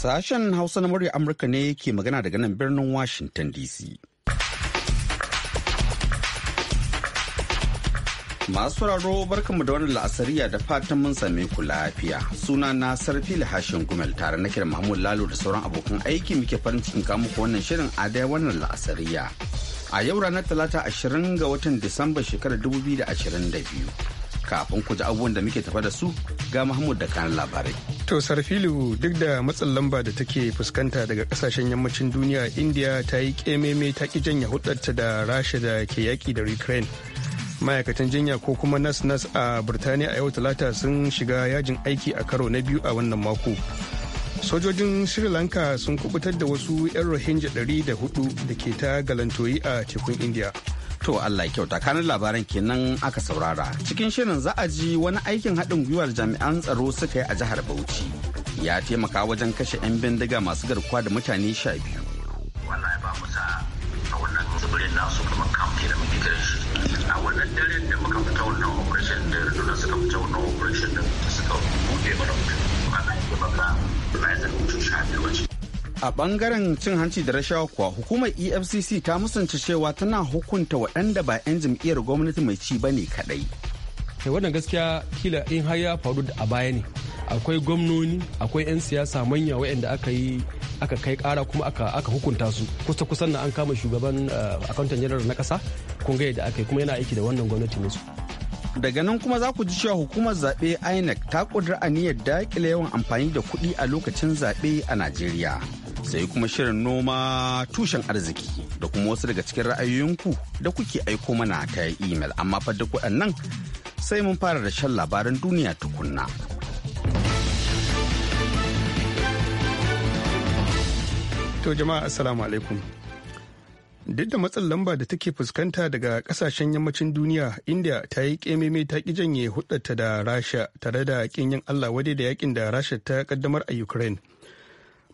Sashen Hausa na murya Amurka ne ke magana daga nan birnin Washington DC. Masu raro barkanmu da wani la'asariya da fatan mun same ku lafiya. Suna na sarfi hashin gumel tare na kira Mahmud Lalo da sauran abokan aiki muke farin cikin kamuku wannan shirin a wannan la'asariya. a yau ranar talata 20 ga watan disamba shekarar 2022 kafin ku ji abubuwan da muke tafa da su ga mahmud da kanan labarai to sarfilu duk da matsin lamba da take fuskanta daga kasashen yammacin duniya india ta yi kememe ta ki janya hudarta da rasha da ke yaki da ukraine ma'aikatan jinya ko kuma nas nas a birtaniya a yau talata sun shiga yajin aiki a karo na biyu a wannan mako sojojin sri lanka sun kubutar da wasu 'yan rohingya 400 da ke ta galantoyi a tekun india to allah kyauta kanin labaran kenan aka saurara cikin shirin za a ji wani aikin haɗin gwiwar jami'an tsaro suka yi a jihar bauchi ya taimaka wajen kashe 'yan bindiga masu garkuwa da mutane sha biyu wallahi ba musa a wannan tsibirin shi a wannan da muka fita wannan suka fita wannan da suka A bangaren cin hanci da rashawa kuwa hukumar EFCC ta musanta cewa tana hukunta waɗanda ba 'yan jam'iyyar gwamnati mai ci ba ne kaɗai. Kai wannan gaskiya kila in har ya faru a baya ne. Akwai gwamnoni, akwai 'yan siyasa manya waɗanda aka yi aka kai kara kuma aka, hukunta su kusa kusan na an kama shugaban uh, akwantan janar na ƙasa kun gaya da aka yi kuma yana aiki da wannan gwamnati musu. daga nan kuma za ku ji cewa hukumar zaɓe inec ta ƙudura aniyar daƙile yawan amfani da kuɗi a lokacin zaɓe a najeriya sai kuma shirin noma tushen arziki da kuma wasu daga cikin ra'ayoyinku da kuke aiko mana ta imel amma fa duk waɗannan sai mun fara da shan labaran duniya tukunna. To jama'a assalamu alaikum. duk da matsin lamba da take fuskanta daga kasashen yammacin duniya india ta yi kememe ta ki janye hudata da rasha tare da kin yin allah wadai da yakin da rasha ta kaddamar a ukraine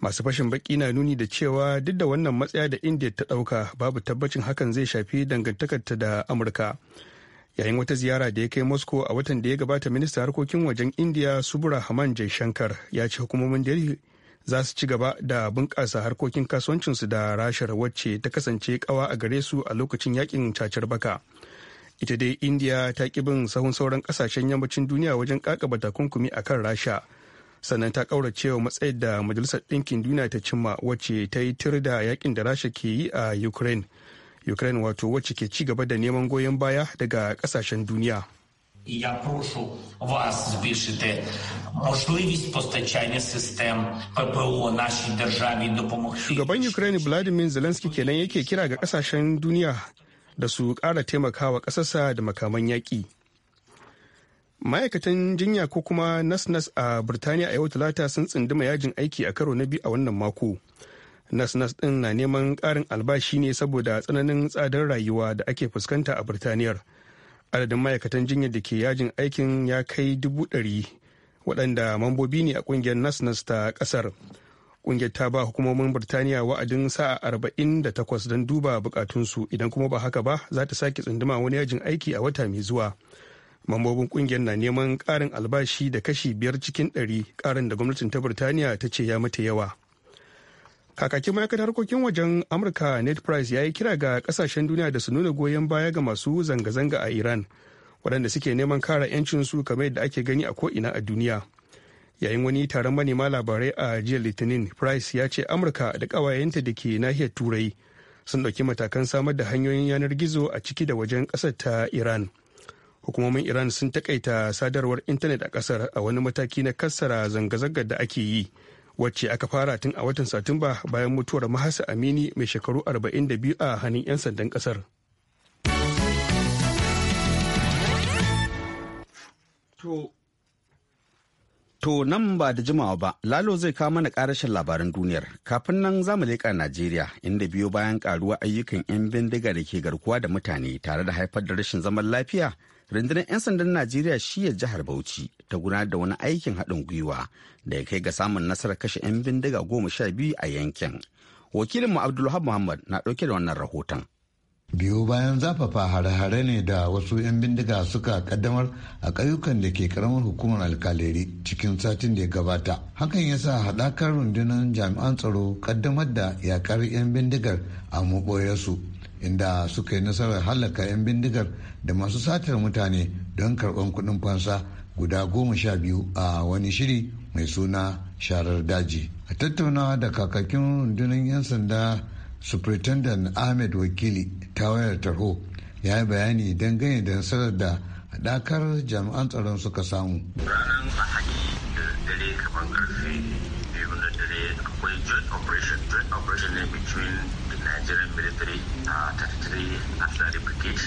masu fashin baki na nuni da cewa duk da wannan matsaya da india ta dauka babu tabbacin hakan zai shafi dangantakarta da amurka yayin wata ziyara da ya kai moscow a watan da ya gabata ministan harkokin wajen india subra haman shankar ya ce hukumomin za su ci gaba da bunƙasa harkokin kasuwancinsu da rashar wacce ta kasance kawa a gare su a lokacin yakin cacar baka ita dai india ta ki bin sahun sauran kasashen yammacin duniya wajen kakaba takunkumi a kan rasha sannan ta kauracewa matsayin da majalisar ɗinkin duniya ta cimma wacce ta yi tir da yakin da rasha ke yi a ukraine ukraine wato wacce ke ci gaba da neman goyon baya daga kasashen duniya І я прошу вас збільшити можливість постачання систем ППО нашій державі Ukraine Vladimir Zelensky kenan yake kira ga kasashen duniya da su ƙara taimakawa ƙasarsa da makaman yaƙi. Ma'aikatan jinya ko kuma nas-nas a Birtaniya a yau talata sun tsinduma yajin aiki a karo na biyu a wannan mako. Nas-nas ɗin na neman ƙarin albashi ne saboda tsananin tsadar rayuwa da ake fuskanta a Birtaniyar. adadin ma'aikatan jinya da ke yajin aikin ya kai dubu ɗari waɗanda mambobi ne a ƙungiyar nas ta ƙasar ƙungiyar ta ba hukumomin birtaniya wa'adin sa'a arba'in da takwas don duba buƙatunsu idan kuma ba haka ba za ta sake tsunduma wani yajin aiki a wata mai zuwa mambobin ƙungiyar na neman ƙarin albashi da kashi biyar cikin ɗari ƙarin da gwamnatin ta birtaniya ta ce ya mata yawa kakakin ma'aikatar harkokin wajen amurka net price ya yi kira ga kasashen duniya da su nuna goyon baya ga masu zanga-zanga a iran waɗanda suke neman kara 'yancinsu kamar yadda ake gani a ko'ina a duniya yayin wani taron manema labarai a jiya litinin price ya ce amurka da ƙawayenta da ke nahiyar turai sun ɗauki matakan samar da hanyoyin yanar gizo a ciki da wajen ƙasar ta iran hukumomin iran sun takaita sadarwar intanet a ƙasar a wani mataki na kassara zanga-zangar da ake yi wacce aka fara tun a watan satumba bayan mutuwar mahasa amini mai shekaru 42 a hannun 'yan sandan kasar to nan ba da jimawa ba lalo zai kawo mana karashin labaran duniyar kafin nan zamu leƙa najeriya inda biyo bayan karuwa ayyukan 'yan bindiga da ke garkuwa da mutane tare da haifar da rashin zaman lafiya rundunar 'yan sandan najeriya shiya jihar bauchi ta gudanar da wani aikin haɗin gwiwa da ya kai ga samun nasarar kashe 'yan bindiga goma sha biyu a yankin wakilinmu abdulhab muhammad na ɗauke da wannan rahoton biyu bayan zafafa hare-hare ne da wasu 'yan bindiga suka kaddamar a ƙauyukan da ke karamar hukumar alkaleri cikin satin da ya gabata hakan ya sa haɗakar rundunar jami'an tsaro kaddamar da yakar 'yan bindigar a maɓoyarsu inda suka yi nasarar halaka 'yan bindigar da masu satar mutane don karɓar kuɗin fansa guda goma sha biyu a wani shiri mai suna sharar daji a tattaunawa da kakakin rundunar 'yan sanda superintendent ahmed wakili ta wayar tarho ya yi bayani dangane da nasarar da haɗakar jami'an tsaron suka samu ranar sai akwai joint operation joint operation ne between the nigerian military uh, 33 artillery brigade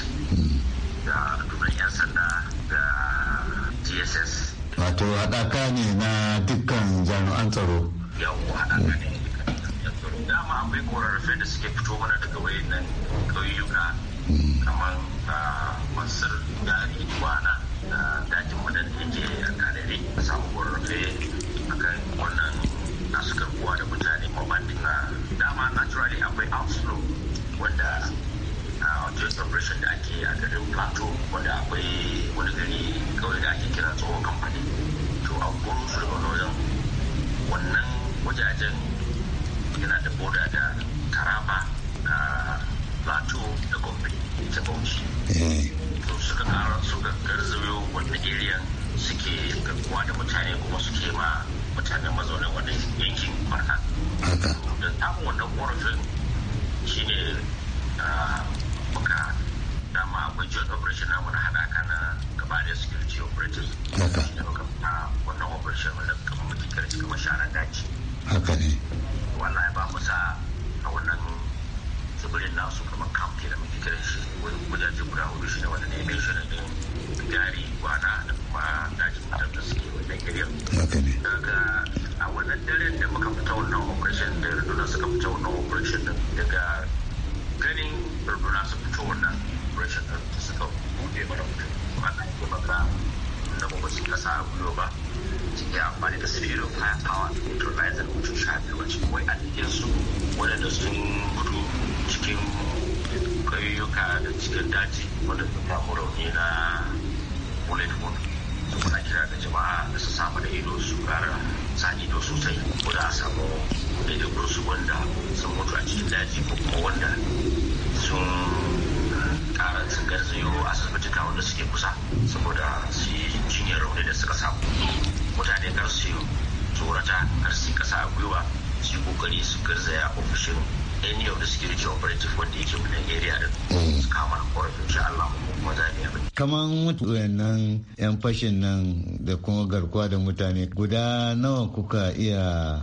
da dubban 'yan sanda da gss wato haɗaka ne na dukkan jami'an tsaro yawwa haɗaka ne dama akwai korarrafe da suke fito mana daga wayan nan ƙauyuka kamar ah, mansur da iguana da ah, dakin madan da yake a kanare a samu korarrafe plateau wanda akwai wani gari kawai da ake kira tsohon kamfani to a gurin su da wannan wajajen yana da boda da taraba na plateau da gombe ta bauchi eh. to suka kara suka garzayo wannan iriyan suke gaggawa da mutane kuma suke ma mutane mazaunan wannan yankin barka da samun wannan korafin shine ah, muka dama akwai joint operation namu na hada kana gaba da security operators haka ne muka fita wannan operation wanda kuma muke kira cikin mashara daji haka ne wannan ya ba mu sa a wannan tsibirin nasu kuma kamfe da muke kira shi wani gudaje guda hudu shi ne wanda ne mai shirin din gari gwana da kuma dajin mutum da suke wannan kiriyar haka ne daga a wannan daren da muka fita wannan operation da rundunar suka fita wannan operation daga ganin rundunar su gwamnatin nan suka buɗe mana mutum ana yi maka na gwamnatin kasa a gudu ba suke amfani da sifirin fayafawa turbaizar mutum sha biyu wacce wai a cikin su waɗanda sun gudu cikin ƙauyuka da cikin daji wanda sun samu rauni na bullet wound muna kira da jama'a da su samu da ido su kara sa ido sosai ko da a samu daidai gursu wanda sun mutu a cikin daji ko kuma wanda sun yaran sun asibiti asibitika da suke kusa saboda su yi jinyar rauni da suka samu mutane kar su tsorata kar su kasa a gwiwa su yi kokari su garzaya ofishin any of the security operative wanda yake wannan area din mm. su kama korafin shi Allah kuma za mu yi kaman wayannan yan fashin nan da kuma garkuwa da mutane guda nawa kuka iya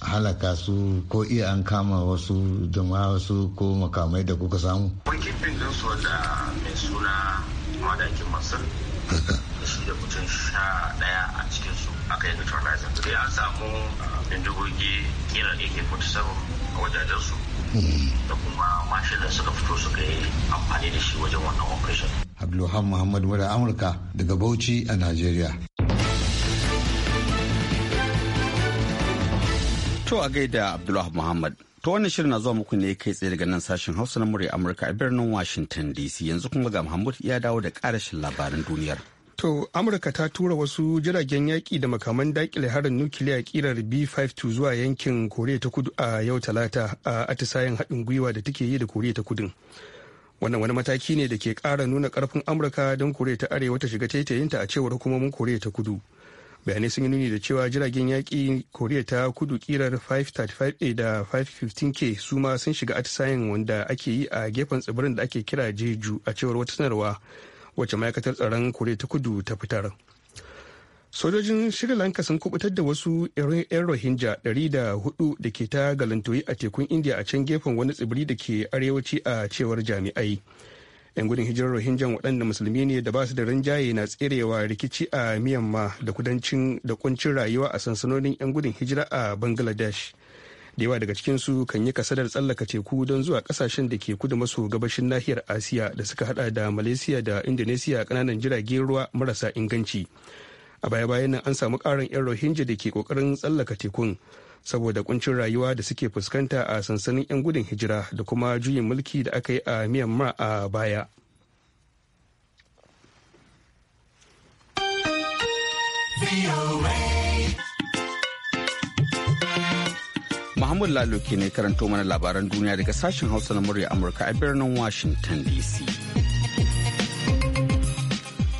halaka su ko iya an kama wasu da wasu ko makamai da kuka samu? Kun kifin din su da mai suna madakin masar shi da mutum sha daya a cikin su aka yi neutralizer. Dai an samu ah, bindigogi kira AK-47 a wajajen su hmm. da kuma mashin da suka fito suka yi amfani da shi wajen wannan operation. Abdulhamid Muhammadu Mura Amurka daga Bauchi a Najeriya. To a gaida Abdullahi Muhammad. To wannan shirin na zuwa muku ne kai tsaye daga nan sashen Hausa na murya Amurka a birnin Washington DC yanzu kuma ga Muhammad ya dawo da karashin labaran duniyar. To Amurka ta tura wasu jiragen yaƙi da makaman daƙile harin nukiliya kirar B52 zuwa yankin Koriya ta Kudu a yau Talata a atisayen haɗin gwiwa da take yi da Koriya ta Kudu. Wannan wani mataki ne da ke ƙara nuna ƙarfin Amurka don Koriya ta Arewa ta shiga taitayinta a cewar hukumomin Koriya ta Kudu. bayanai sun yi nuni da cewa jiragen yaƙi koriya ta kudu kirar 535a da 515k su ma sun shiga atisayen wanda ake yi a gefen tsibirin da ake kira jeju a cewar wata sanarwa wacce ma'aikatar tsaron koriya ta kudu ta fitar sojojin sri lanka sun kubutar da wasu 'yan rohingya 400 da ke ta galantoyi a tekun india a can gefen wani tsibiri da ke arewaci a cewar jami'ai 'yan gudun hijirar rohingya waɗanda musulmi ne da basu da rinjaye na tserewa rikici a myanmar da kudancin da kuncin rayuwa a sansanonin 'yan gudun hijira a bangladesh da yawa daga cikinsu kan yi kasadar tsallaka teku don zuwa kasashen da ke kudu maso gabashin nahiyar asiya da suka hada da malaysia da indonesia kananan jiragen ruwa marasa inganci a baya-bayan nan an samu karin 'yan rohingya da ke kokarin tsallaka tekun saboda kuncin rayuwa da suke fuskanta a sansanin 'yan gudun hijira da kuma juyin mulki da aka yi a myanmar a baya Muhammad Lalo ke ne karanto mana labaran duniya daga sashen Hausa na murya Amurka a birnin Washington DC.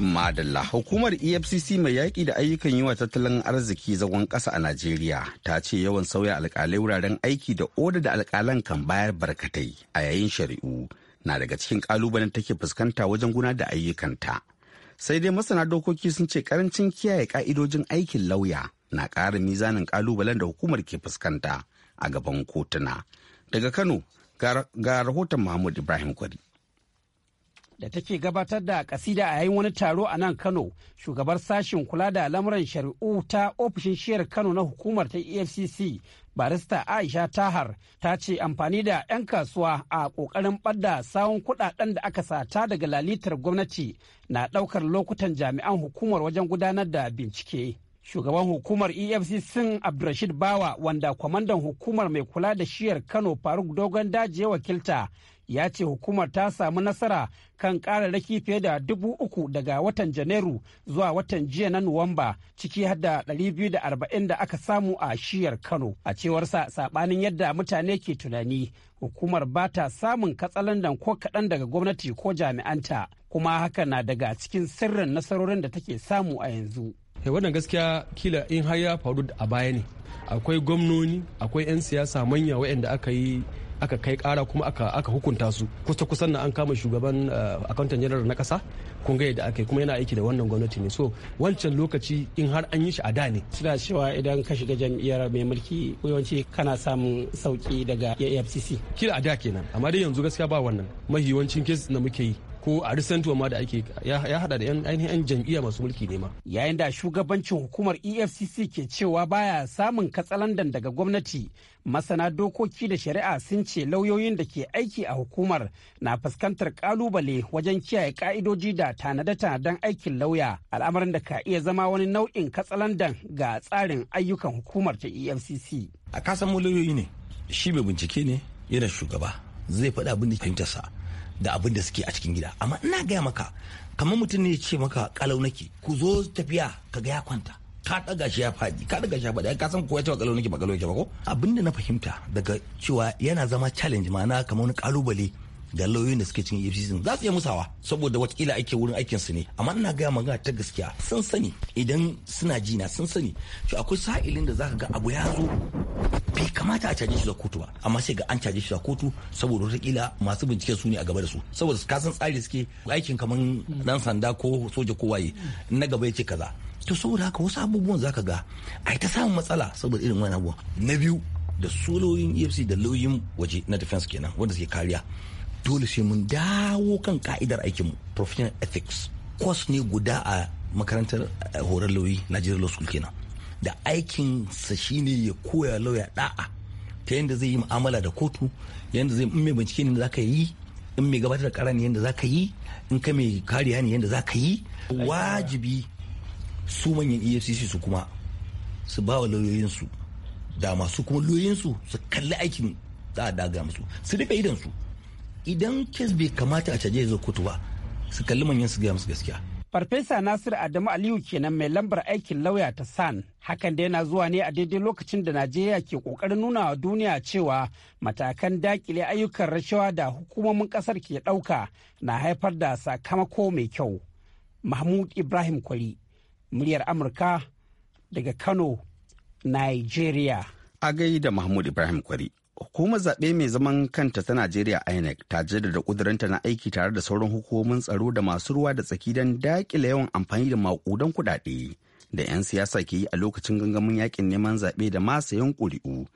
Madalla hukumar EFCC mai yaƙi da ayyukan yi wa tattalin arziki zagon ƙasa a Najeriya ta ce yawan sauya alƙalai wuraren aiki da oda da alƙalan kan bayar barkatai a yayin shari'u na daga cikin ƙalubalen take fuskanta wajen guna da ayyukanta. Sai dai masana dokoki sun ce karancin kiyaye ƙa'idojin aikin lauya na ƙara mizanin ƙalubalen da hukumar ke fuskanta a gaban kotuna. Daga Kano ga rahoton Mahmud Ibrahim Kwari. da take gabatar da kasida a yayin wani taro a nan Kano, shugabar sashen kula da lamuran shari'u ta ofishin shiyar Kano na hukumar ta EFCC, barista Aisha Tahar ta ce amfani da 'yan kasuwa a ƙoƙarin ɓadda sawun kuɗaɗen da aka sata daga lalitar gwamnati na ɗaukar lokutan jami'an hukumar wajen gudanar da bincike. shugaban hukumar efcc abdulrashid bawa wanda kwamandan hukumar mai kula da shiyar kano faruk dogon daji wakilta ya ce hukumar ta samu nasara kan raki fiye da dubu uku daga watan janairu zuwa watan jiya na nuwamba ciki biyu da arba'in da aka samu a shiyar kano a cewarsa sabanin yadda mutane ke tunani hukumar ba ta samun katsalandan ko kaɗan daga gwamnati ko jami'anta kuma haka na daga cikin sirrin nasarorin da take samu a yanzu eh, wannan gaskiya kila in har ya faru a baya ne akwai gwamnoni akwai 'yan siyasa manya waɗanda aka yi aka kai kara kuma aka hukunta su kusa kusan na an kama shugaban eh, akantan janar na kasa kun ga yadda aka kuma yana aiki da wannan gwamnati ne so wancan lokaci in har an yi shi a da ne suna cewa idan ka shiga jam'iyyar mai mulki yawanci kana samun sauki daga AFCC kila a da kenan amma dai yanzu gaskiya ba wannan mahiwancin kes na muke yi ko a risantuwa ma da ake ya hada da ainihin 'yan jam'iyya masu mulki ne ma. Yayin da shugabancin hukumar EFCC ke cewa baya samun katsalandan daga gwamnati masana dokoki da shari'a sun ce lauyoyin da ke aiki a hukumar na fuskantar kalubale wajen kiyaye ka'idoji da tanade-tanaden aikin lauya al'amarin da ka iya zama wani nau'in katsalandan ga tsarin ayyukan hukumar ta EFCC. A kasan lauyoyi ne shi mai bincike ne yana shugaba zai faɗa abin da fahimtarsa da abin da suke a cikin gida amma ina gaya maka kamar mutum ne ya ce maka kalau nake ku zo tafiya ka ga ya kwanta ka daga shi ya faɗi ka daga shi ya faɗi ka san ko ya ce kalau nake ba kalau yake ba ko abin da na fahimta daga cewa yana zama challenge ma'ana kamar wani kalubale da lauyoyin da suke cikin efcc za su iya musawa saboda watakila ake wurin aikin su ne amma ina gaya magana ta gaskiya sun sani idan suna jina sun sani to akwai sa'ilin da zaka ga abu ya zo bai kamata a caje shi da kotu ba amma sai ga an caje shi da kotu saboda watakila masu bincike su ne a gaba da su saboda ka san tsari suke aikin kamar dan sanda ko soja ko waye na gaba ya ce kaza to saboda haka wasu abubuwan zaka ga ai ta samun matsala saboda irin wani abubuwan na biyu da soloyin efc da lauyin waje na defense kenan wanda suke kariya dole sai mun dawo kan ka'idar aikin professional ethics course ne guda a makarantar eh, horar lauyi Nigeria Law School kenan da aikinsa shine ya koya lauya da'a ta yadda zai yi mu'amala da kotu yadda zai mai bincike ne za ka yi in mai gabatar da kara ne yadda za yi in ka mai kariya ne yadda za yi wajibi su manyan efcc su kuma su ba lauyoyinsu da masu kuma lauyoyinsu su kalli aikin za a daga musu su rufe su. idan kes bai kamata a caje zo kutu ba su kalli manyan su gaya musu gaskiya Farfesa Nasir Adamu Aliyu kenan mai lambar aikin lauya ta San. Hakan da yana zuwa ne a daidai lokacin da Najeriya ke kokarin nuna wa duniya cewa matakan dakile ayyukan rashawa da hukumomin kasar ke ɗauka na haifar da sakamako mai kyau. Mahmud Ibrahim Kwari, muryar Amurka daga Kano, Nigeria. A da Mahmud Ibrahim Kwari. Hukumar zaɓe mai zaman kanta ta Najeriya INEC ta jaddada ƙudurinta na aiki tare da sauran hukumomin tsaro da masu ruwa da tsaki don dakile yawan amfani da maƙudan kuɗaɗe da 'yan siyasa ke yi a lokacin gangamin yakin neman zaɓe da ma sayan ƙuri'u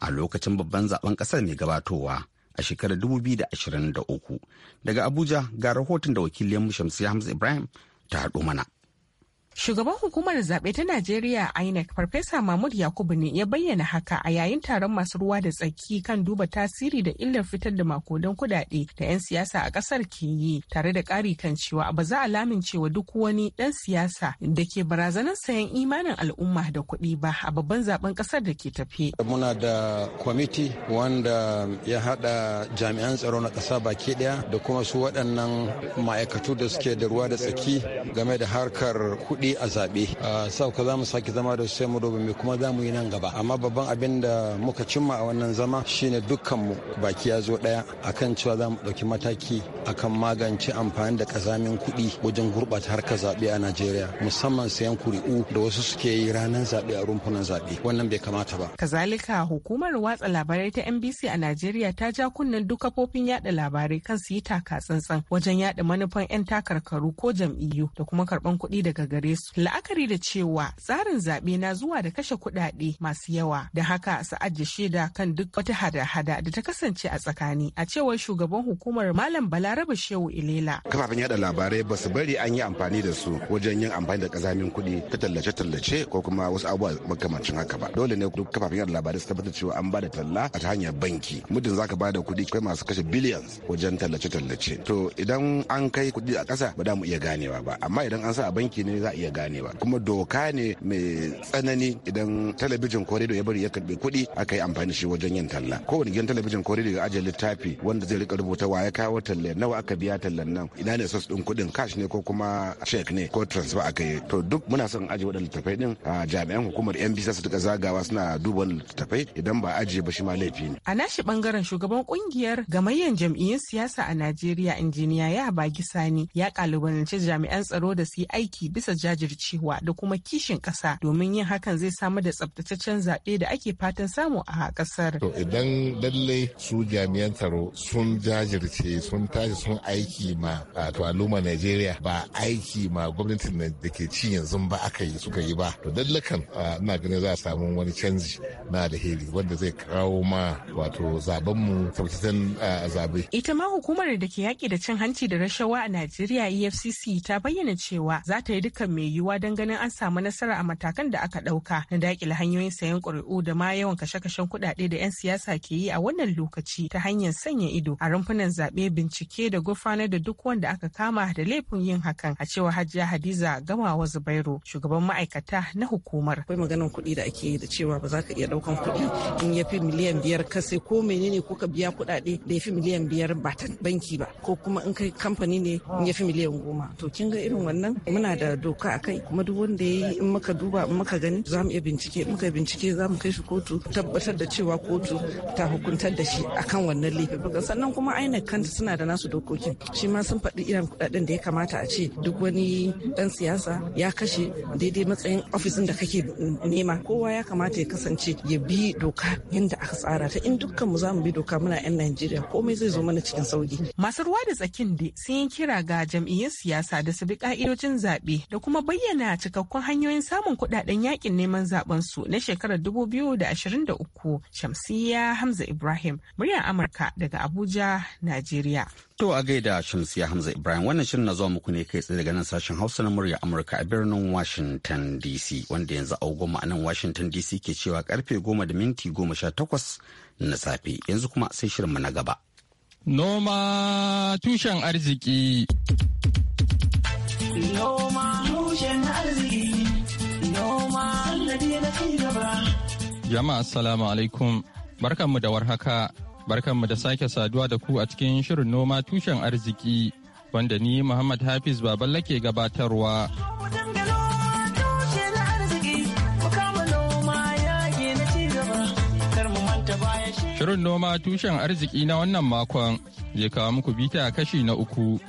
a lokacin babban zaben ƙasar mai gabatowa a shekarar 2023. Daga Abuja ga rahoton da wakilin Shamsiyya Hamza Ibrahim ta haɗo mana. Shugaban hukumar zaɓe ta Najeriya INEC Farfesa Mahmud Yakubu ne ya bayyana haka a yayin taron masu ruwa da tsaki kan duba tasiri da illar fitar da makodan kudade da 'yan siyasa a ƙasar ke yi tare da ƙari kan cewa ba za a lamincewa duk wani ɗan siyasa da ke barazanar sayan imanin al'umma da kuɗi ba a babban zaben ƙasar da ke tafe. Muna da kwamiti wanda ya haɗa jami'an tsaro na ƙasa baki ɗaya da kuma su waɗannan ma'aikatu da suke da ruwa da tsaki game da harkar kuɗi kuɗi a zaɓe sauka za mu sake zama da sai mu dobe mai kuma za mu yi nan gaba amma babban abin da muka cimma a wannan zama shine dukkanmu baki ya zo ɗaya akan cewa za mu ɗauki mataki akan magance amfani da ƙazamin kuɗi wajen gurɓata harkar zaɓe a najeriya musamman sayan kuri'u da wasu suke yi ranar zaɓe a rumfunan zaɓe wannan bai kamata ba kazalika hukumar watsa labarai ta nbc a najeriya ta ja kunnen duk kafofin yada labarai kan su yi taka tsantsan wajen yada manufan 'yan takarkaru ko jam'iyyu da kuma karɓan kuɗi daga gare gare su la'akari da cewa tsarin zaɓe na zuwa da kashe kuɗaɗe masu yawa da haka su ajiye shaida kan duk wata hada-hada da ta kasance a tsakani a cewar shugaban hukumar malam balaraba shehu ilela kafafen yada labarai ba su bari an yi amfani da su wajen yin amfani da kazamin kuɗi ta tallace-tallace ko kuma wasu abubuwa makamancin haka ba dole ne duk kafafen yada labarai su tabbatar cewa an da talla a ta hanyar banki muddin zaka da kuɗi kai masu kashe billions wajen tallace-tallace to idan an kai kuɗi a ƙasa ba za mu iya ganewa ba amma idan an sa a banki ne za iya gane ba kuma doka ne mai tsanani idan talabijin ko rediyo ya bari ya karbi kuɗi aka yi amfani shi wajen yin talla kowane gidan talabijin ko rediyo ya ajiye littafi wanda zai rika rubuta wa ya kawo talla nawa aka biya tallan nan ina ne sos din kuɗin cash ne ko kuma check ne ko transfer aka yi to duk muna son ajiye waɗannan littafai din a jami'an hukumar yan bisa su duka zagawa suna duba littafai idan ba ajiye ba shi ma laifi ne a nashi bangaren shugaban kungiyar gamayyan jam'iyyun siyasa a Najeriya injiniya ya bagi sani ya kalubalanci jami'an tsaro da su yi aiki bisa jajircewa da kuma kishin ƙasa domin yin hakan zai samar da tsabtataccen zaɓe da ake fatan samu a ƙasar. To idan lallai su jami'an tsaro sun jajirce sun tashi sun aiki ma to al'umma Najeriya ba aiki ma gwamnatin da ke ci yanzu ba aka yi suka yi ba to dallakan ina ganin za a samu wani canji na alheri wanda zai kawo ma wato zaben mu tsabtataccen zabe. Ita ma hukumar da ke yaƙi da cin hanci da rashawa a Najeriya EFCC ta bayyana cewa za ta yi dukkan mai yiwuwa don ganin an samu nasara a matakan da aka ɗauka na daƙile hanyoyin sayan ƙuri'u da ma yawan kashe-kashen kuɗaɗe da 'yan siyasa ke yi a wannan lokaci ta hanyar sanya ido a rumfunan zaɓe bincike da gurfanar da duk wanda aka kama da laifin yin hakan a cewa Hajiya Hadiza Gamawa Zubairu shugaban ma'aikata na hukumar. Akwai maganar kuɗi da ake yi da cewa ba za ka iya ɗaukan kuɗi in ya fi miliyan biyar ka sai ko menene ko ka biya kuɗaɗe da ya fi miliyan biyar ba ta banki ba ko kuma in kai kamfani ne in ya fi miliyan goma. To kin ga irin wannan muna da doka a kai kuma duk wanda ya yi in muka duba in muka gani za mu iya bincike in muka bincike za mu kai shi kotu tabbatar da cewa kotu ta hukuntar da shi akan wannan laifin sannan kuma INEC kanta suna da nasu dokokin shi ma sun faɗi irin kuɗaɗen da ya kamata a ce duk wani ɗan siyasa ya kashe daidai matsayin ofisin da kake nema kowa ya kamata ya kasance ya bi doka yadda aka tsara ta in dukkan mu za mu bi doka muna 'yan Najeriya komai zai zo mana cikin sauki. Masu ruwa da tsakin da sun yi kira ga jam'iyyun siyasa da su bi ka'idojin zaɓe da kuma kuma bayyana cikakkun hanyoyin samun kudaden yakin neman zaben su na shekarar 2023 Shamsiyya Hamza Ibrahim muryar Amurka daga Abuja, Najeriya. To a gaida shamsiya Hamza Ibrahim wannan shirin na zuwa muku ne kai tsaye daga nan sashen Hausa na muryar Amurka a birnin Washington DC wanda yanzu goma a nan Washington DC ke cewa karfe 10 da minti 18 na safe yanzu kuma sai shirin mu na gaba. Noma tushen arziki. Noma tushen arziki. Noma na Jama'a assalamu alaikum. Barkanmu da warhaka. Barkanmu da sake saduwa da ku a cikin shirin noma tushen arziki wanda ni Muhammad Hafiz Baballa ke gabatarwa. Shirin noma tushen arziki na wannan makon zai kawo muku bita kashi na uku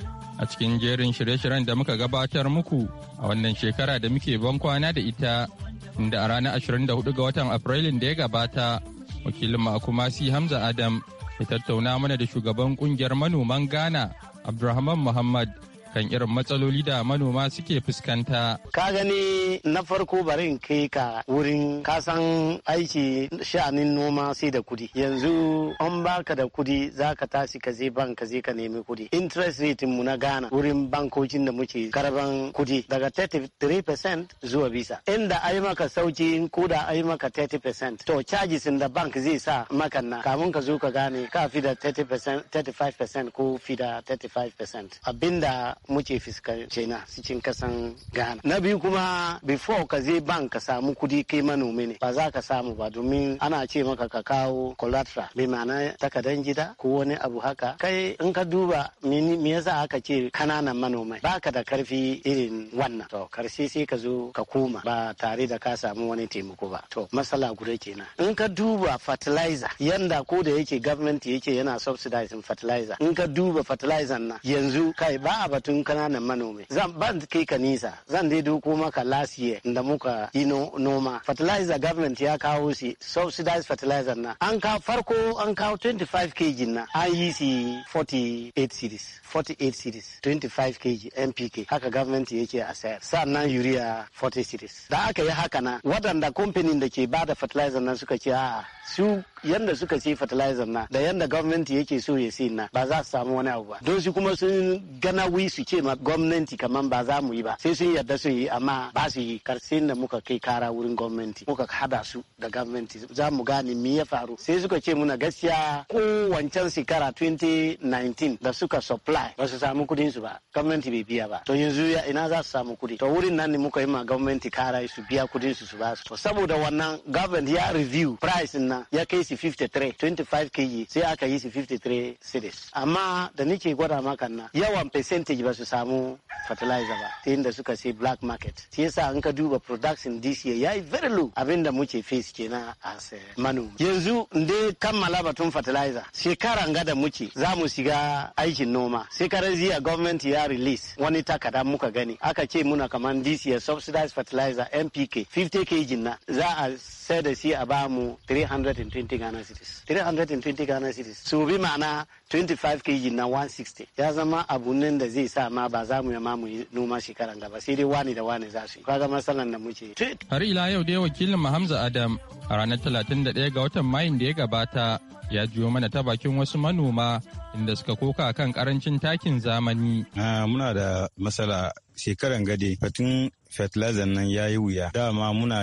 a cikin jerin shirye-shiryen da muka gabatar muku a wannan shekara da muke ban kwana da ita inda a ranar 24 ga watan afrilun da ya gabata wakilin ma'akumasi hamza adam ya tattauna mana da shugaban kungiyar manoman ghana abdulrahman muhammad kan irin matsaloli da manoma suke fuskanta. Ka gani na farko bari in kai ka wurin kasan aiki sha'anin noma sai da kudi. Yanzu an baka da kudi za ka tashi ka je bank ka je ka nemi kudi. Interest rate mu na Ghana wurin bankokin da muke karban kudi daga 33% zuwa bisa. Inda ai maka sauki in koda ai maka 30% to charges da bank zai sa maka na kamun ka zo ka gane ka fi da 30% 35% ko fi da 35%. Abinda muke fuskance na cikin kasan Ghana. Na biyu kuma before ka je bank ka samu kudi kai manomi ne ba za ka samu ba domin ana ce maka ka kawo collateral bi ma'ana takadan gida ko wani abu haka kai in ka duba me yasa aka ce kananan manomai baka da karfi irin wannan to karshe sai ka zo ka koma ba tare da ka samu wani taimako ba to masala guda kenan in ka duba fertilizer yanda ko da yake government yake yana subsidizing fertilizer in ka duba fertilizer na yanzu kai ba a batun tun kananan manomi zan ban kai ka nisa zan dai duko maka last year da muka yi noma fertilizer government ya kawo shi subsidized fertilizer na an ka farko an kawo 25 kg na an yi shi 48 series 48 series 25 kg mpk. haka government yake a sayar sannan urea 40 series da aka yi haka na waɗanda kamfanin da ke bada fertilizer nan suka ce a su yanda suka sai fertilizer na da yanda gwamnati yake so ya sai na ba za su samu wani abu ba don su kuma sun gana wi su ce ma gwamnati kaman ba za mu yi ba sai sun yarda su yi amma ba su yi karsin da muka kai kara wurin gwamnati muka hada su da gwamnati za mu gane me ya faru sai suka ce muna gaskiya ko wancan shekara 2019 da suka supply ba su samu kudin su ba gwamnati bai biya ba to yanzu ina za su samu kudi to wurin nan ne muka yi ma gwamnati kara su biya kudin su su ba su to saboda wannan gwamnati ya review price na na ya kai su 53 25 kg sai aka yi su 53 seeds amma da nake gwada maka na yawan percentage ba su samu fertilizer ba ta yadda suka sai black market shi yasa an ka duba production this year yayi very low da muke face kenan as manomi yanzu dai kammala batun fertilizer shekaran gada muke za mu shiga aikin noma shekaran jiya gwamnati ya release wani takada muka gani aka ce muna kamar this year subsidized fertilizer npk 50 kg na za a sai da shi a bamu 300 320 Ghana cities. 320 Ghana cities. Su bi ma'ana 25 kg na 160. Ya zama abu nan da zai sa ma ba za mu ma mu yi noma shekaran gaba sai dai wani da wani za su yi. Kaga matsalan da muke. Har ila yau dai wakilin mu Hamza Adam a ranar 31 ga watan mayin da ya gabata ya jiyo mana ta bakin wasu manoma inda suka koka kan karancin takin zamani. Ah, muna da matsala shekaran gade fatin fertilizer nan ya yi wuya. Dama muna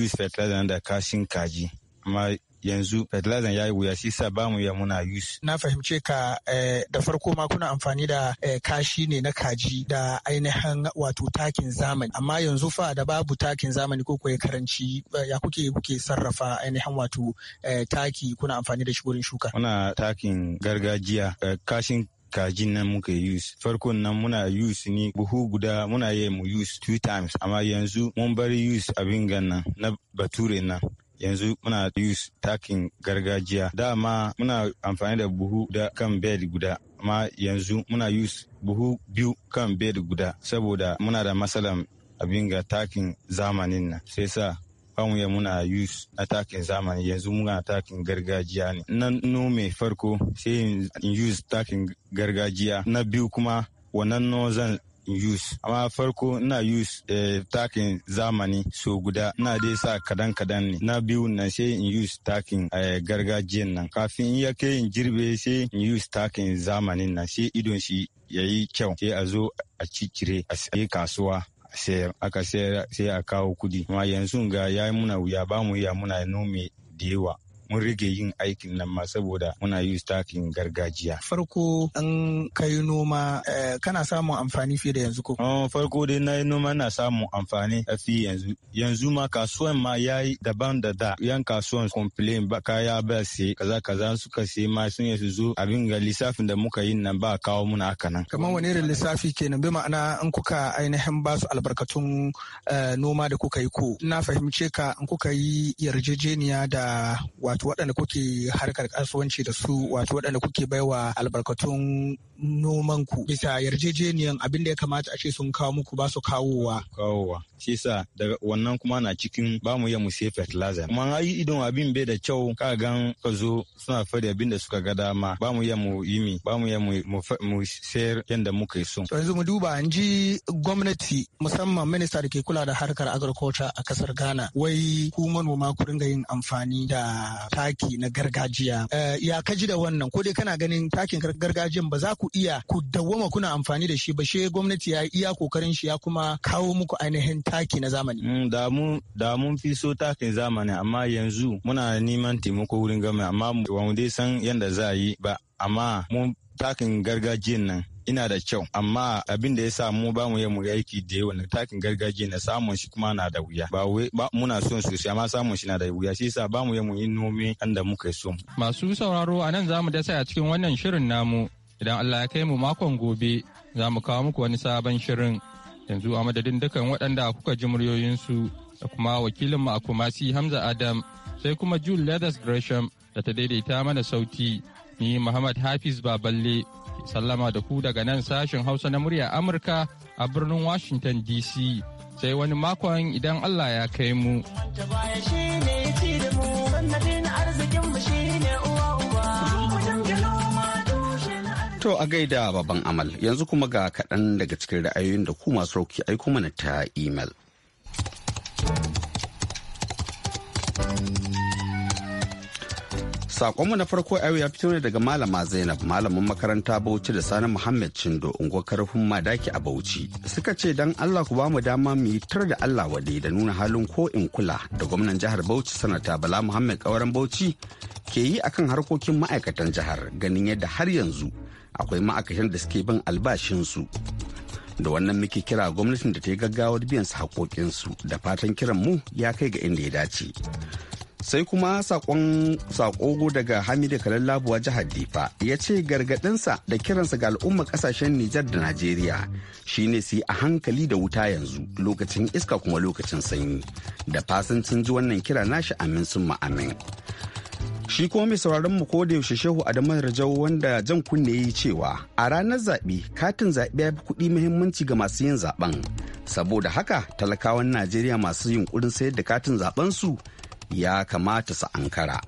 use fertilizer da kashin kaji. amma yanzu fertilizer ya yi wuya shi sa bamu ya muna use. Na fahimce ka eh, da farko ma kuna amfani da eh, kashi ne na kaji da ainihin wato takin zamani amma yanzu fa da babu takin zamani ko kuwa karanci eh, ya kuke kuke sarrafa ainihin wato taki kuna amfani da shi wurin shuka. Muna takin gargajiya kashin kajin nan muka use farkon nan muna use ni buhu guda muna yi mu use two times amma yanzu mun bari use abin gan na bature nan yanzu muna use takin gargajiya dama muna amfani da buhu da kan bed guda amma yanzu muna use buhu biyu kan bed guda saboda muna da matsalan abin ga takin zamanin nan sai sa kanmu ya muna use na takin zamani yanzu muna takin gargajiya ne na nome farko sai in use takin gargajiya na biyu kuma wannan no zan use amma farko ina use eh, takin zamani so guda ina dai sa kadan kadan ne na biyu nan sai in use takin eh, gargajiyan nan kafin in ya in girbe sai in use takin zamanin nan sai idon shi yi kyau sai a zo a cikire a sai kasuwa sayar aka sayar sai a kawo kudi amma yanzu ga ya muna wuya ba mu iya muna nome da yawa mun rage yin aikin nan ma saboda muna yi takin gargajiya. Farko an kai noma eh, kana samun amfani fiye da yanzu ko? Oh, farko dai na yi noma na samun amfani a fi yanzu. Yanzu ma kasuwan ma ya yi daban da da. Yan kasuwan complain ba kaya ba sai kaza kaza suka sai ma sun yi su zo abin ga lissafin da muka yi nan ba kawo muna haka nan. Kamar wani irin lissafi kenan bi ma'ana an kuka ainihin ba su albarkatun eh, noma da kuka yi ko. Na fahimce ka an kuka yi yarjejeniya da wato wato waɗanda kuke harkar kasuwanci da su wato waɗanda kuke baiwa albarkatun noman ku bisa yarjejeniyan abin da ya kamata a ce sun kawo muku ba su Kawowa. shi daga wannan kuma na cikin ba mu iya mu sai fertilizer kuma ayi idon abin bai da kyau ka gan ka zo suna fari abin da suka ga dama ba mu iya mu yi mi ba mu iya mu sayar yadda muka so yanzu mu duba an ji gwamnati musamman minista da ke kula da harkar agriculture a kasar Ghana wai ku manoma ku ringa yin amfani da taki na gargajiya eh, ya kaji da wannan ko dai kana ganin takin gargajiyan ba za ku iya ku dawwama kuna amfani da shi ba shi gwamnati ya iya kokarin shi ya kuma kawo muku ainihin taki na zamani. Mm, da mun fi so takin zamani amma yanzu muna neman taimako wurin gama amma ba dai san yadda za a yi ba amma mun takin gargajiyan nan ina da kyau amma abin da ya sa mu ba mu yi mu aiki da yawa na takin gargajiya na samun shi kuma na da wuya ba wai muna son sosai amma samun shi na da wuya shi yasa ba mu yi mu yi nome da muka so masu sauraro a nan zamu dasa a cikin wannan shirin namu idan Allah ya kai mu makon gobe za mu kawo muku wani sabon shirin yanzu a madadin dukan waɗanda kuka ji muryoyinsu da kuma wakilinmu a kumasi hamza adam sai kuma jule leathers gresham da ta daidaita mana sauti ni muhammad hafiz baballe sallama da ku daga nan sashen hausa na murya amurka a birnin washington dc sai wani makon idan allah ya kai mu. To a gaida baban amal yanzu kuma ga kaɗan daga cikin ra'ayoyin da ku masu rauki aiko mana ta imel. Sakonmu na farko yau ya fito ne daga Malama Zainab, malamin makaranta Bauchi da Sani Muhammad Chindo, unguwar karfin madaki a Bauchi. Suka ce dan Allah ku bamu dama mu yi tar da Allah wade da nuna halin ko in kula da gwamnan jihar Bauchi sanata Bala Muhammad Kawaran Bauchi ke yi akan harkokin ma'aikatan jihar ganin yadda har yanzu akwai ma'aikatan da suke bin albashinsu da wannan muke kira gwamnatin da ta yi gaggawar biyan su haƙoƙinsu da fatan kiran mu ya kai ga inda ya dace sai kuma sakon sakogo daga hamidu kalallabuwa jihar difa ya ce gargadinsa da kiransa ga al'umma kasashen nijar da najeriya shine su yi a hankali da wuta yanzu lokacin iska kuma lokacin sanyi da fasancin ji wannan kira nashi amin sun amin Shi kuma mai sauraron mu ko da yaushe Shehu Adamu Rajau wanda jan kunne yi cewa a ranar zaɓe katin zaɓe ya fi kuɗi muhimmanci ga masu yin zaɓen. Saboda haka talakawan Najeriya masu yunkurin sayar da katin zaɓen su ya kamata su ankara.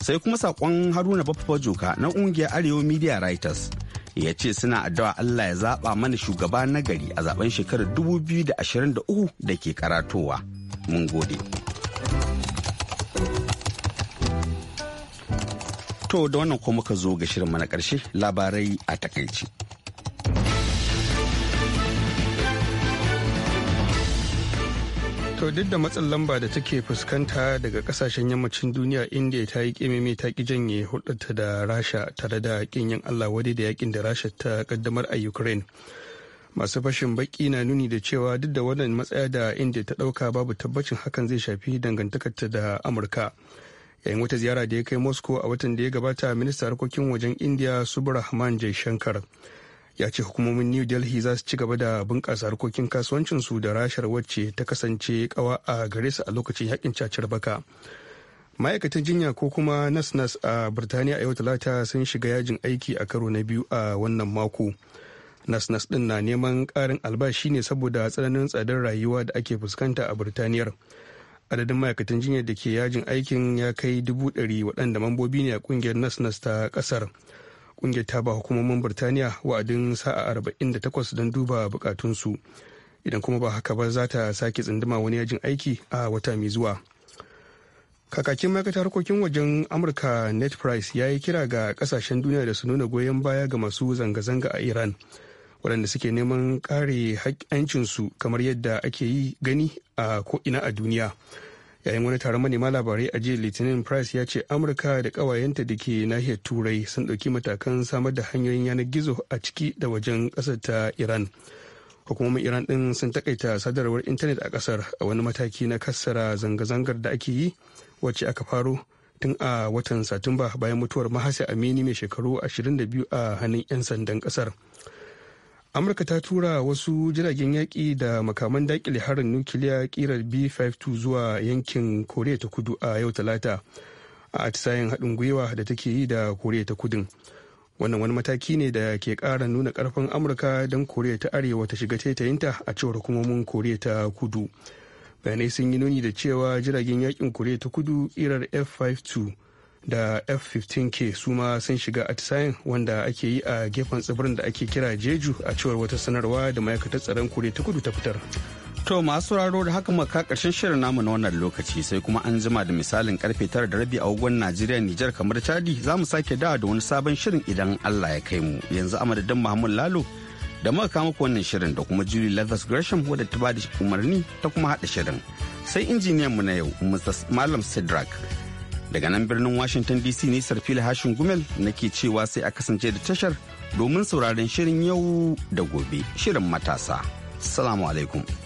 Sai kuma saƙon Haruna Baffa Joka na ƙungiyar Arewa Media Writers. ya ce suna addu'a Allah ya zaɓa mana shugaba nagari a zaben shekarar uku da ke karatowa. Mun gode. To da wannan ko muka zo ga shirin mana karshe labarai a takaici. To duk da matsin lamba da take fuskanta daga kasashen yammacin duniya India ta yi kememe ta ki janye hulɗarta da Rasha tare da kin yin Allah wadai da yakin da Rasha ta kaddamar a Ukraine. Masu fashin baki na nuni da cewa duk da wannan matsaya da India ta ɗauka babu tabbacin hakan zai shafi dangantakarta da Amurka. yayin wata ziyara da ya kai moscow a watan da ya gabata minista harkokin wajen india subrahman shankar ya ce hukumomin new delhi za su ci gaba da bunƙasa harkokin kasuwancinsu da rashar wacce ta kasance kawa a gare su a lokacin yakin cacar baka ma'aikatan jinya ko kuma nas nas a birtaniya a yau talata sun shiga yajin aiki a karo na biyu a wannan mako nas nas din na neman ƙarin albashi ne saboda tsananin tsadar rayuwa da ake fuskanta a birtaniyar adadin ma'aikatan jinya da ke yajin aikin ya kai dubu ɗari waɗanda mambobi ne a ƙungiyar nas nas ta ƙasar ƙungiyar ta ba hukumomin birtaniya wa'adin sa'a arba'in da takwas don duba su idan kuma ba haka ba za ta sake tsinduma wani yajin aiki a wata mai zuwa kakakin ma'aikatar harkokin wajen amurka net price ya yi kira ga kasashen duniya da su nuna goyon baya ga masu zanga-zanga a iran waɗanda suke neman kare haƙƙancinsu kamar yadda ake yi gani a ko'ina a duniya yayin wani taron manema labarai a jiya litinin price ya ce amurka da ƙawayenta da ke nahiyar turai sun ɗauki matakan samar da hanyoyin yanar gizo a ciki da wajen ƙasar ta iran hukumomin iran ɗin sun takaita sadarwar intanet a ƙasar a wani mataki na kassara zanga-zangar da ake yi wacce aka faro tun a watan satumba bayan mutuwar mahasi amini mai shekaru 22 a hannun 'yan sandan ƙasar. amurka ta tura wasu jiragen yaƙi da makaman daƙile harin nukiliya ƙirar b52 zuwa yankin koriya ta kudu a yau talata a atisayen haɗin gwiwa da take yi da koriya ta kudin wannan wani mataki ne da ke ƙara nuna ƙarfin amurka don koriya ta arewa ta shiga taitayinta a cewar hukumomin koriya ta kudu bayanai sun yi nuni da cewa jiragen yaƙin koriya ta kudu ƙirar f-52 da f-15k su ma sun shiga atisayen wanda ake yi a gefen tsibirin da ake kira jeju a cewar wata sanarwa da ma'aikatar tsaron kure ta kudu ta fitar to masu sauraro da haka maka karshen shirin namu na wannan lokaci sai kuma an jima da misalin karfe tara da rabi a wagon najeriya nijar kamar chadi za mu sake dawa da wani sabon shirin idan allah ya kai mu yanzu a madadin lalo da muka kama wannan shirin da kuma Julie Leathers Gresham wadda ta ba da umarni ta kuma haɗa shirin. Sai injiniyan mu na yau, Malam Sidrak. Daga nan birnin Washington DC ne Sarfila Hashin Gumel nake cewa sai a kasance da tashar domin sauraron shirin yau da gobe, shirin matasa. Salamu alaikum.